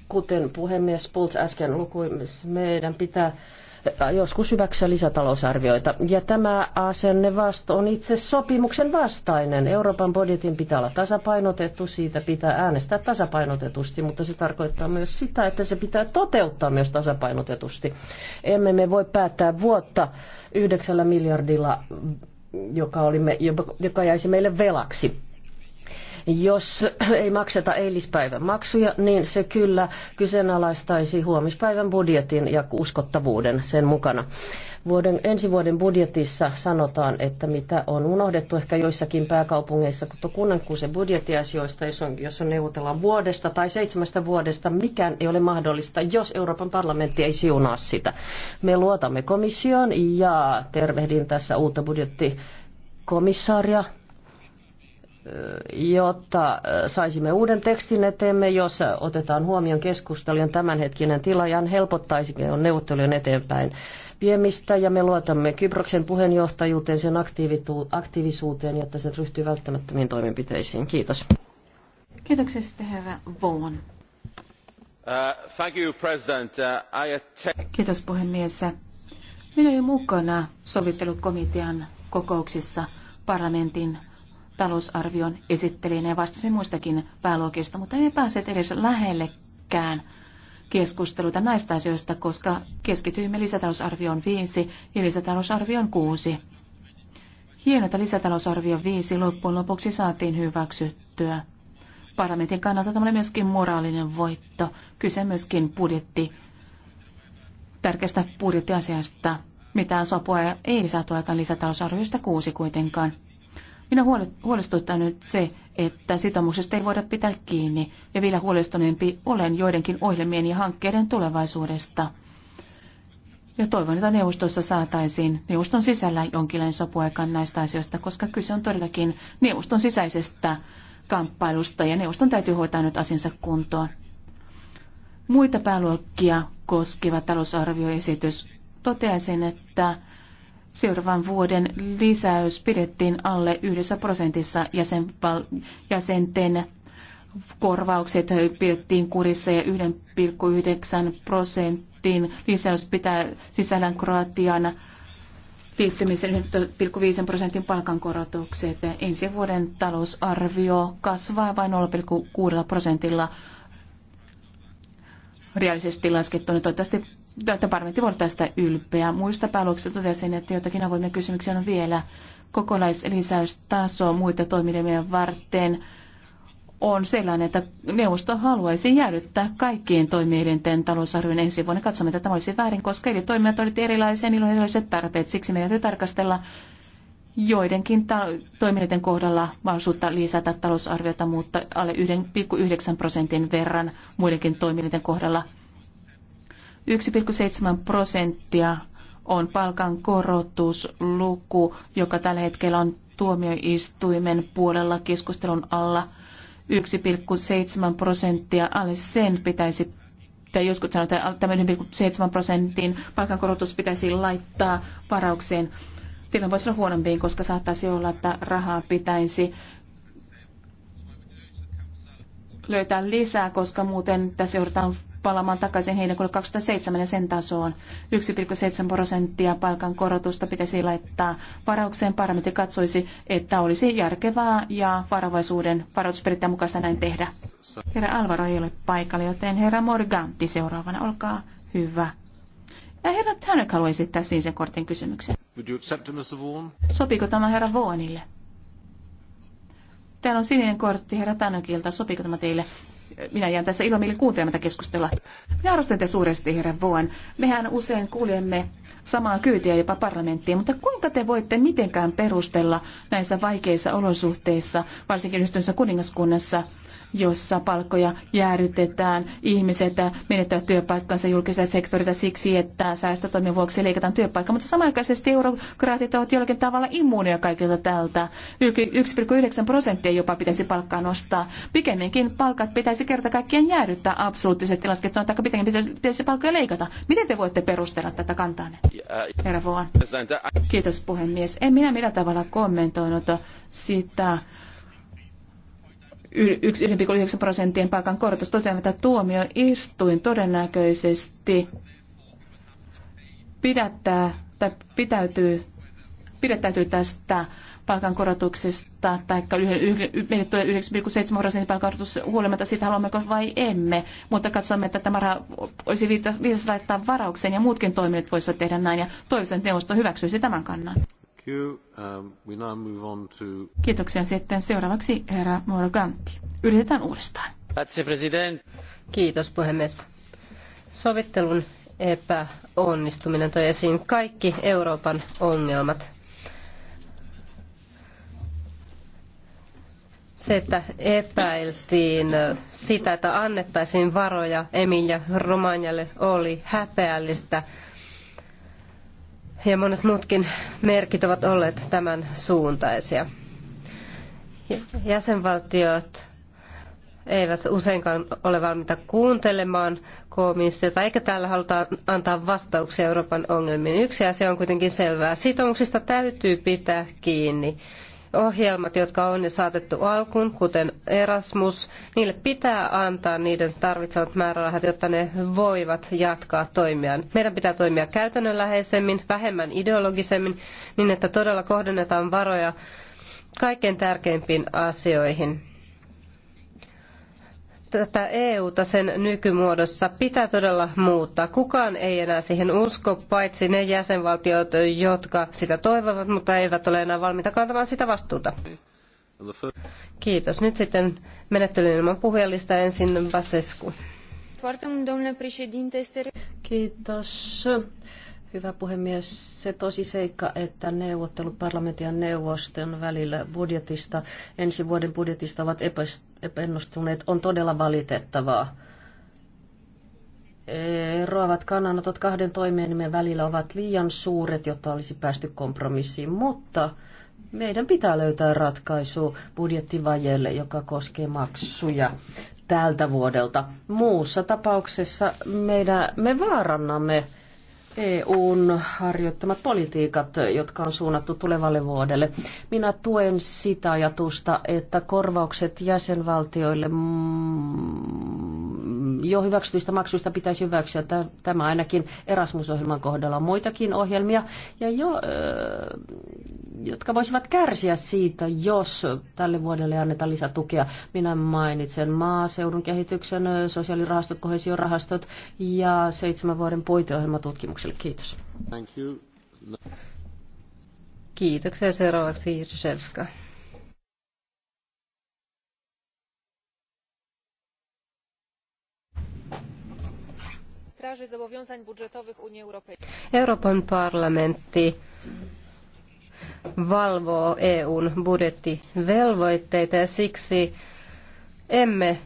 Kuten puhemies Pults äsken lukui, meidän pitää joskus hyväksyä lisätalousarvioita. Ja tämä asenne vasta on itse sopimuksen vastainen. Euroopan budjetin pitää olla tasapainotettu, siitä pitää äänestää tasapainotetusti, mutta se tarkoittaa myös sitä, että se pitää toteuttaa myös tasapainotetusti. Emme me voi päättää vuotta yhdeksällä miljardilla, joka, olimme, joka jäisi meille velaksi. Jos ei makseta eilispäivän maksuja, niin se kyllä kyseenalaistaisi huomispäivän budjetin ja uskottavuuden sen mukana. Vuoden, ensi vuoden budjetissa sanotaan, että mitä on unohdettu ehkä joissakin pääkaupungeissa, kun kunnan kuuse budjettiasioista, jos, on, jos on neuvotellaan vuodesta tai seitsemästä vuodesta, mikään ei ole mahdollista, jos Euroopan parlamentti ei siunaa sitä. Me luotamme komissioon ja tervehdin tässä uutta budjettikomissaaria jotta äh, saisimme uuden tekstin eteemme, jossa otetaan huomioon keskustelijan tämänhetkinen tila ja helpottaisi neuvottelujen eteenpäin viemistä ja me luotamme Kyproksen puheenjohtajuuteen, sen aktiivisuuteen, jotta se ryhtyy välttämättömiin toimenpiteisiin. Kiitos. Kiitoksia sitten herra Vaughan. Uh, thank you, President. Uh, I attend... Kiitos puhemies. Minä olin mukana sovittelukomitean kokouksissa parlamentin talousarvion esittelin ja vastasin muistakin pääluokista, mutta emme päässeet edes lähellekään keskusteluta näistä asioista, koska keskityimme lisätalousarvioon 5 ja lisätalousarvioon 6. Hienota lisätalousarvio 5 loppujen lopuksi saatiin hyväksyttyä. Parlamentin kannalta tämä oli myöskin moraalinen voitto. Kyse myöskin budjetti, tärkeästä budjettiasiasta. Mitään sopua ei saatu aikaan lisätalousarviosta kuusi kuitenkaan. Minä huolestuttaa nyt se, että sitoumuksesta ei voida pitää kiinni, ja vielä huolestuneempi olen joidenkin ohjelmien ja hankkeiden tulevaisuudesta. Ja toivon, että neuvostossa saataisiin neuvoston sisällä jonkinlainen sopuaikaan näistä asioista, koska kyse on todellakin neuvoston sisäisestä kamppailusta, ja neuvoston täytyy hoitaa nyt asiansa kuntoon. Muita pääluokkia koskeva talousarvioesitys toteaisin, että Seuraavan vuoden lisäys pidettiin alle yhdessä prosentissa jäsenval- jäsenten korvaukset pidettiin kurissa ja 1,9 prosentin lisäys pitää sisällään Kroatian liittymisen 1,5 prosentin palkankorotukset. Ensi vuoden talousarvio kasvaa vain 0,6 prosentilla reaalisesti laskettuna. Toivottavasti että parlamentti voi tästä ylpeä. Muista pääluoksista totesin, että joitakin avoimia kysymyksiä on vielä. Kokonaislisäystaso muita toimilemia varten on sellainen, että neuvosto haluaisi jäädyttää kaikkien toimielinten talousarvion ensi vuonna. Katsomme, että tämä olisi väärin, koska eri toimijat olivat erilaisia, niillä on erilaiset tarpeet. Siksi meidän täytyy tarkastella joidenkin ta- toimielinten kohdalla mahdollisuutta lisätä talousarviota, mutta alle 1,9 prosentin verran muidenkin toimielinten kohdalla 1,7 prosenttia on palkan korotusluku, joka tällä hetkellä on tuomioistuimen puolella keskustelun alla. 1,7 prosenttia alle sen pitäisi tai joskus sanotaan, että tämä 1,7 prosentin palkankorotus pitäisi laittaa varaukseen. Tilanne voisi olla huonompiin, koska saattaisi olla, että rahaa pitäisi löytää lisää, koska muuten tässä joudutaan palaamaan takaisin heinäkuulle 2007 ja sen tasoon. 1,7 prosenttia palkan korotusta pitäisi laittaa varaukseen. Parlamentti katsoisi, että olisi järkevää ja varovaisuuden varoitusperiaatteen mukaista näin tehdä. Herra Alvaro ei ole paikalla, joten herra Morganti seuraavana. Olkaa hyvä. Ja herra Tänök haluaa esittää sinisen kortin kysymyksen. Sopiiko tämä herra Vaughanille? Täällä on sininen kortti herra Tanokilta. Sopiiko tämä teille? minä jään tässä ilomielin kuuntelemaan tätä keskustelua. Minä arvostan te suuresti, herra Voan. Mehän usein kuljemme samaa kyytiä jopa parlamenttiin, mutta kuinka te voitte mitenkään perustella näissä vaikeissa olosuhteissa, varsinkin yhdistyneessä kuningaskunnassa, jossa palkkoja jäädytetään, ihmiset menettävät työpaikkansa julkisella sektorilla siksi, että säästötoimien vuoksi leikataan työpaikka, mutta samanaikaisesti eurokraatit ovat jollakin tavalla immuunia kaikilta tältä. 1,9 prosenttia jopa pitäisi palkkaa nostaa. Pikemminkin palkat pitäisi pitäisi kerta kaikkiaan jäädyttää absoluuttiset tilastot, että miten pitäisi palkkoja leikata. Miten te voitte perustella tätä kantaanne? Herra Vuon. Kiitos puhemies. En minä millä tavalla kommentoinut sitä, 1,9 prosenttien palkan korotus toteamme, että tuomioistuin todennäköisesti pidättää tai pitäytyy, pidättäytyy tästä palkankorotuksesta tai meille tulee 9,7 prosentin palkankorotus huolimatta siitä, haluammeko vai emme. Mutta katsomme, että tämä olisi viisas laittaa varaukseen ja muutkin toimijat voisivat tehdä näin ja toivottavasti neuvosto hyväksyisi tämän kannan. Um, Kiitoksia sitten seuraavaksi herra Morganti. Yritetään uudestaan. Kiitos puhemies. Sovittelun epäonnistuminen toi esiin kaikki Euroopan ongelmat. se, että epäiltiin sitä, että annettaisiin varoja Emilia Romagnalle, oli häpeällistä. Ja monet muutkin merkit ovat olleet tämän suuntaisia. Jäsenvaltiot eivät useinkaan ole valmiita kuuntelemaan komissiota, eikä täällä haluta antaa vastauksia Euroopan ongelmiin. Yksi asia on kuitenkin selvää. Sitoumuksista täytyy pitää kiinni ohjelmat, jotka on jo saatettu alkuun, kuten Erasmus, niille pitää antaa niiden tarvitsemat määrärahat, jotta ne voivat jatkaa toimiaan. Meidän pitää toimia käytännönläheisemmin, vähemmän ideologisemmin, niin että todella kohdennetaan varoja kaikkein tärkeimpiin asioihin tätä EUta sen nykymuodossa pitää todella muuttaa. Kukaan ei enää siihen usko, paitsi ne jäsenvaltiot, jotka sitä toivovat, mutta eivät ole enää valmiita kantamaan sitä vastuuta. Kiitos. Nyt sitten menettelyn ilman puhujalista ensin Basescu. Kiitos. Hyvä puhemies. Se tosi seikka, että neuvottelut parlamentin ja neuvoston välillä budjetista, ensi vuoden budjetista ovat epäennustuneet, on todella valitettavaa. Eroavat kannanotot kahden toimielimen välillä ovat liian suuret, jotta olisi päästy kompromissiin, mutta meidän pitää löytää ratkaisu budjettivajeelle, joka koskee maksuja tältä vuodelta. Muussa tapauksessa meidän, me vaarannamme EUn harjoittamat politiikat, jotka on suunnattu tulevalle vuodelle. Minä tuen sitä ajatusta, että korvaukset jäsenvaltioille mm, jo hyväksytyistä maksuista pitäisi hyväksyä. Tämä ainakin Erasmus-ohjelman kohdalla on muitakin ohjelmia, ja jo, jotka voisivat kärsiä siitä, jos tälle vuodelle annetaan lisätukea. Minä mainitsen maaseudun kehityksen, sosiaalirahastot, kohesiorahastot ja seitsemän vuoden puiteohjelmatutkimuksen kysymykselle. Kiitos. Thank you. Kiitoksia. Seuraavaksi Jirshevska. Euroopan parlamentti valvoo EUn budjettivelvoitteita ja siksi emme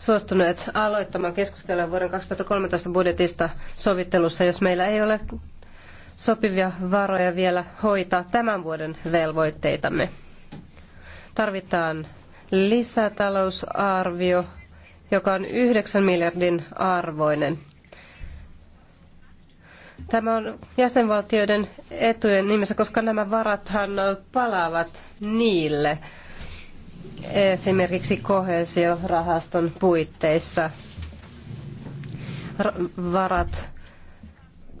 suostuneet aloittamaan keskustelua vuoden 2013 budjetista sovittelussa, jos meillä ei ole sopivia varoja vielä hoitaa tämän vuoden velvoitteitamme. Tarvitaan lisätalousarvio, joka on 9 miljardin arvoinen. Tämä on jäsenvaltioiden etujen nimessä, koska nämä varathan palaavat niille – esimerkiksi kohesiorahaston puitteissa. Varat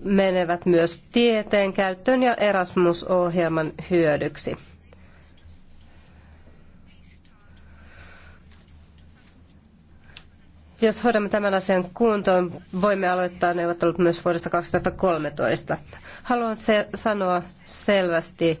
menevät myös tieteen käyttöön ja Erasmus-ohjelman hyödyksi. Jos hoidamme tämän asian kuntoon, voimme aloittaa neuvottelut myös vuodesta 2013. Haluan se sanoa selvästi,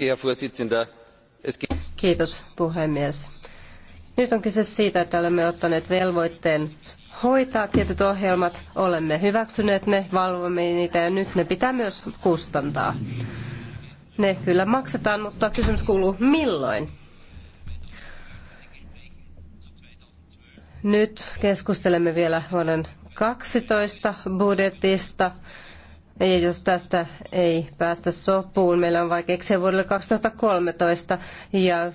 herr präsident! puhemies. Nyt on kyse siitä, että olemme ottaneet velvoitteen hoitaa tietyt ohjelmat, olemme hyväksyneet ne, valvomme niitä ja nyt ne pitää myös kustantaa. Ne kyllä maksetaan, mutta kysymys kuuluu milloin? Nyt keskustelemme vielä vuoden kaksitoista budjetista ja jos tästä ei päästä sopuun, meillä on vaikeuksia vuodelle 2013 ja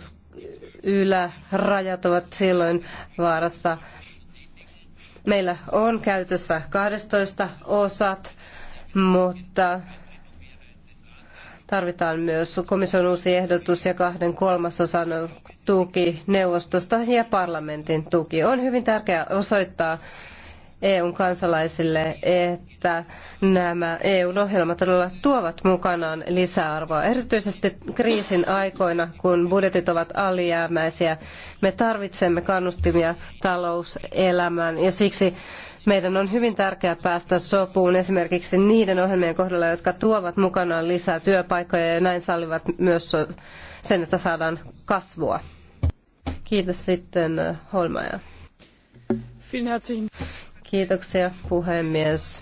ylärajat ovat silloin vaarassa. Meillä on käytössä 12 osat, mutta tarvitaan myös komission uusi ehdotus ja kahden kolmasosan tuki neuvostosta ja parlamentin tuki. On hyvin tärkeää osoittaa, EUn kansalaisille, että nämä EUn ohjelmat todella tuovat mukanaan lisäarvoa. Erityisesti kriisin aikoina, kun budjetit ovat alijäämäisiä, me tarvitsemme kannustimia talouselämään ja siksi meidän on hyvin tärkeää päästä sopuun esimerkiksi niiden ohjelmien kohdalla, jotka tuovat mukanaan lisää työpaikkoja ja näin sallivat myös sen, että saadaan kasvua. Kiitos sitten äh, Holmaja. Kiitoksia puhemies.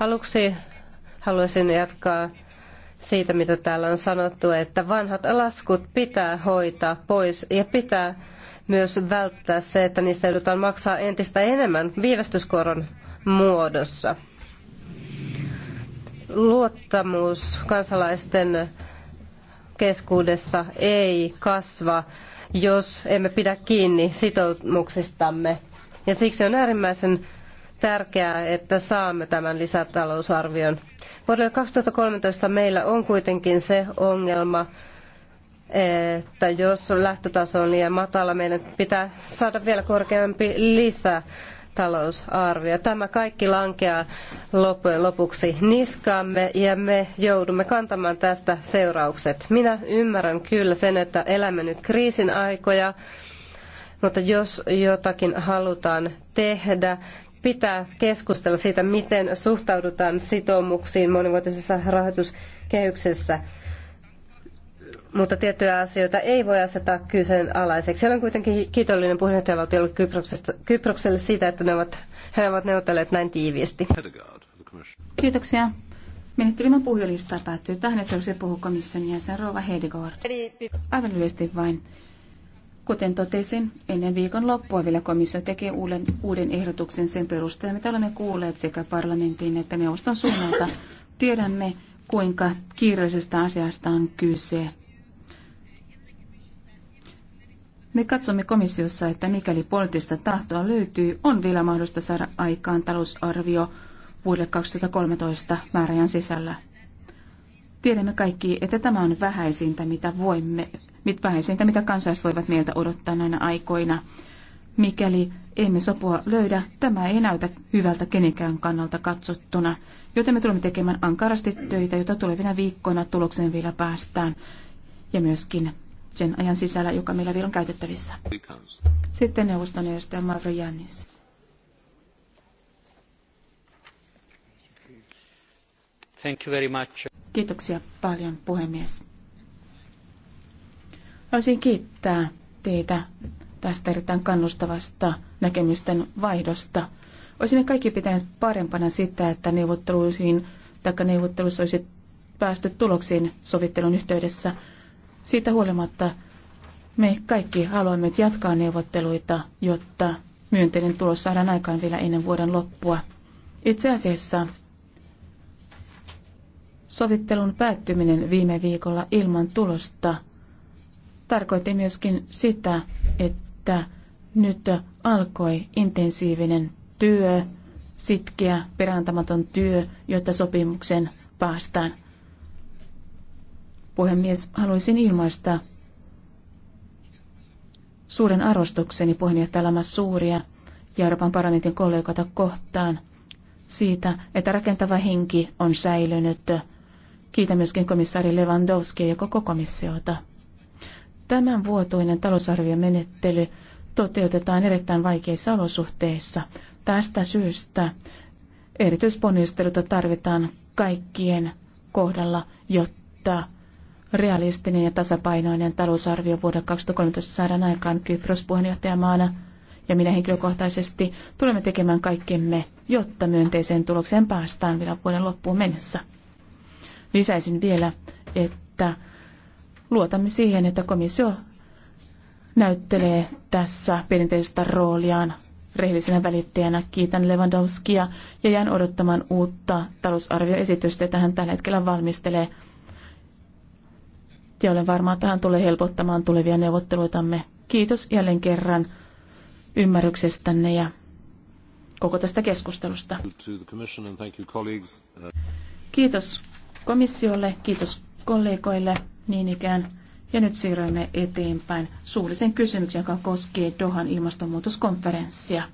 Aluksi haluaisin jatkaa siitä, mitä täällä on sanottu, että vanhat laskut pitää hoitaa pois ja pitää myös välttää se, että niistä joudutaan maksaa entistä enemmän viivästyskoron muodossa. Luottamus kansalaisten keskuudessa ei kasva, jos emme pidä kiinni sitoumuksistamme ja siksi on äärimmäisen tärkeää, että saamme tämän lisätalousarvion. Vuodelle 2013 meillä on kuitenkin se ongelma, että jos lähtötaso on liian matala, meidän pitää saada vielä korkeampi lisätalousarvio. Tämä kaikki lankeaa loppujen lopuksi niskaamme ja me joudumme kantamaan tästä seuraukset. Minä ymmärrän kyllä sen, että elämme nyt kriisin aikoja mutta jos jotakin halutaan tehdä, pitää keskustella siitä, miten suhtaudutaan sitoumuksiin monivuotisessa rahoituskehyksessä. Mutta tiettyjä asioita ei voi asettaa kyseenalaiseksi. Olen kuitenkin kiitollinen puheenjohtajavaltiolle Kyprokselle siitä, että ne ovat, he ovat neuvotelleet näin tiiviisti. Kiitoksia. Menettelymän puhujalistaa päättyy tähän ja se puhuu komission jäsen Rova Hedegaard. Aivan lyhyesti vain. Kuten totesin, ennen viikon loppua vielä komissio tekee uuden, uuden ehdotuksen sen perusteella, mitä olemme kuulleet sekä parlamentin että neuvoston suunnalta. Tiedämme, kuinka kiireisestä asiasta on kyse. Me katsomme komissiossa, että mikäli poliittista tahtoa löytyy, on vielä mahdollista saada aikaan talousarvio vuodelle 2013 määräajan sisällä. Tiedämme kaikki, että tämä on vähäisintä, mitä voimme mit vähäisintä, mitä kansalaiset voivat meiltä odottaa näinä aikoina. Mikäli emme sopua löydä, tämä ei näytä hyvältä kenenkään kannalta katsottuna, joten me tulemme tekemään ankarasti töitä, jota tulevina viikkoina tulokseen vielä päästään, ja myöskin sen ajan sisällä, joka meillä vielä on käytettävissä. Sitten neuvoston edustaja Mavro Jannis. Thank you very much. Kiitoksia paljon, puhemies. Haluaisin kiittää teitä tästä erittäin kannustavasta näkemysten vaihdosta. Olisimme kaikki pitäneet parempana sitä, että neuvotteluihin tai neuvottelussa olisi päästy tuloksiin sovittelun yhteydessä. Siitä huolimatta me kaikki haluamme jatkaa neuvotteluita, jotta myönteinen tulos saadaan aikaan vielä ennen vuoden loppua. Itse asiassa sovittelun päättyminen viime viikolla ilman tulosta – tarkoitti myöskin sitä, että nyt alkoi intensiivinen työ, sitkeä, perantamaton työ, jotta sopimuksen päästään. Puhemies, haluaisin ilmaista suuren arvostukseni puheenjohtaja Lama Suuria ja Euroopan parlamentin kollegoita kohtaan siitä, että rakentava henki on säilynyt. Kiitän myöskin komissaari Lewandowski ja koko komissiota. Tämän vuotuinen talousarviomenettely toteutetaan erittäin vaikeissa olosuhteissa. Tästä syystä erityisponnisteluita tarvitaan kaikkien kohdalla, jotta realistinen ja tasapainoinen talousarvio vuoden 2013 saadaan aikaan Kypros puheenjohtajamaana. Ja minä henkilökohtaisesti tulemme tekemään kaikkemme, jotta myönteiseen tulokseen päästään vielä vuoden loppuun mennessä. Lisäisin vielä, että Luotamme siihen, että komissio näyttelee tässä perinteistä rooliaan rehellisenä välittäjänä. Kiitän Lewandowskia ja jään odottamaan uutta talousarvioesitystä, jota hän tällä hetkellä valmistelee. Ja olen varma, että hän tulee helpottamaan tulevia neuvotteluitamme. Kiitos jälleen kerran ymmärryksestänne ja koko tästä keskustelusta. Kiitos komissiolle, kiitos kollegoille niin ikään. Ja nyt siirrymme eteenpäin suullisen kysymyksen, joka koskee Dohan ilmastonmuutoskonferenssia.